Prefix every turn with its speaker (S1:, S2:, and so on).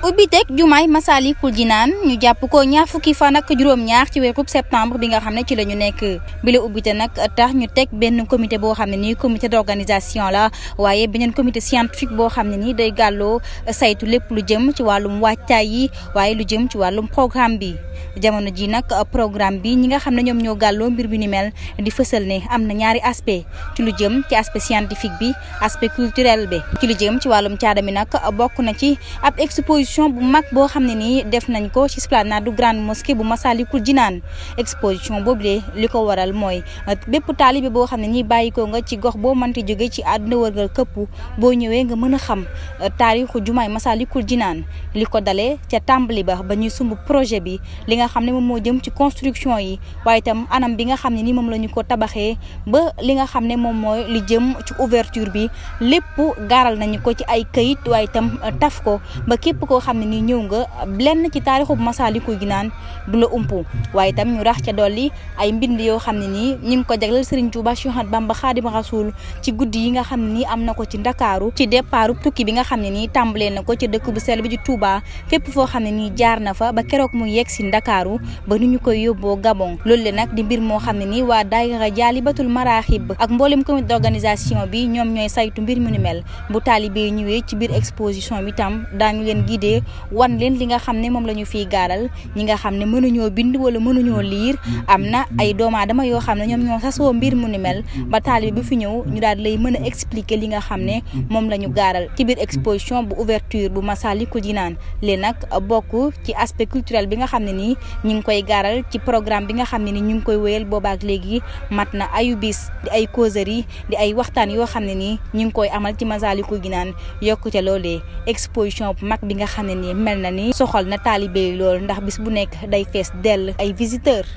S1: ubbi teg jumaay Masaalikul Jinaan ñu jàpp ko ñaar fukki fan nak juróom-ñaar ci weerub septembre bi nga xam ne ci la ñu nekk bi la ubbite nag tax ñu teg benn comité boo xam ne nii comité d'organisation la waaye beneen comité scientifique boo xam ne nii day gàlloo saytu lépp lu jëm ci wàllum waajtaay yi waaye lu jëm ci wàllum programme bi jamono ji nag programme bi ñi nga xam ne ñoom ñoo gàlloo mbir bi ni mel di fësal ne am na ñaari aspect ci lu jëm ci aspect scientifique bi aspect culturel bi ci lu jëm ci wàllum caada mi nag bokk na ci exposition bu mag boo xam ne nii def nañ ko ci du grande mosquée bu Massalikul Jinaan exposition boobule li ko waral mooy bépp taalibe boo xam ne nii bàyyi ko nga ci gox boo mënti jóge ci àdduna wërngal këpp boo ñëwee nga mën a xam euh, taarixu jumaay Massalikul Jinaan li ko dalee ca tàmbali ba ba ñuy sumb projet bi li nga xam ne moom moo jëm ci construction yi waaye tam anam bi nga xam ne nii moom la ñu ko tabaxee ba li nga xam ne moom mooy li jëm ci ouverture bi lépp gaaral nañu ko ci ay këyit waaye itam euh, taf ko boo xam ne ni ñëw nga lenn ci taarixu Masaalikul Jinaan du la umpu waaye itam ñu rax ca dolli ay mbind yoo xam ne nii ñu ngi ko jagleel Serigne Touba Cheikh Ahmadou Bamba Xaadimu Rasuul ci guddi yi nga xam ne am na ko ci Ndakaaru ci départu tukki bi nga xam ne nii tàmbalee na ko ci dëkk bu sell bi ci Touba fépp foo xam ne nii jaar na fa ba keroog mu yegg si Ndakaaru ba nu ñu koy yóbboo Gabon loolu le nag di mbir moo xam ne nii waa daayira Jaalibatul Maraaxib ak mboolem comité d'organisation bi ñoom ñooy saytu mbir mu ni mel bu taalibe ñëwee ci biir exposition bi tam daañu leen guidé ñëwee wan leen li nga xam ne moom la ñu fiy gaaral ñi nga xam ne mënuñoo bind wala mënuñoo liir am na ay doomaa dama yoo xam ne ñoom ñoo sasoo mbir mu ni mel ba taalibe bi bu fi ñëw ñu daal lay mën a expliquer li nga xam ne moom la ñu gaaral ci biir exposition bu ouverture bu Massalikul Jinaan li nag bokk ci aspect culturel bi nga xam ne nii ñu ngi koy gaaral ci programme bi nga xam ne ni ñu ngi koy wéyal boobaak léegi mat na ayu bis di ay causerie di ay waxtaan yoo xam ne nii ñu ngi koy amal ci Massalikul Jinaan yokkute loolee exposition xam ne nii mel na ni soxal na taali yi loolu ndax bis bu nekk day fees dell ay visiteurs.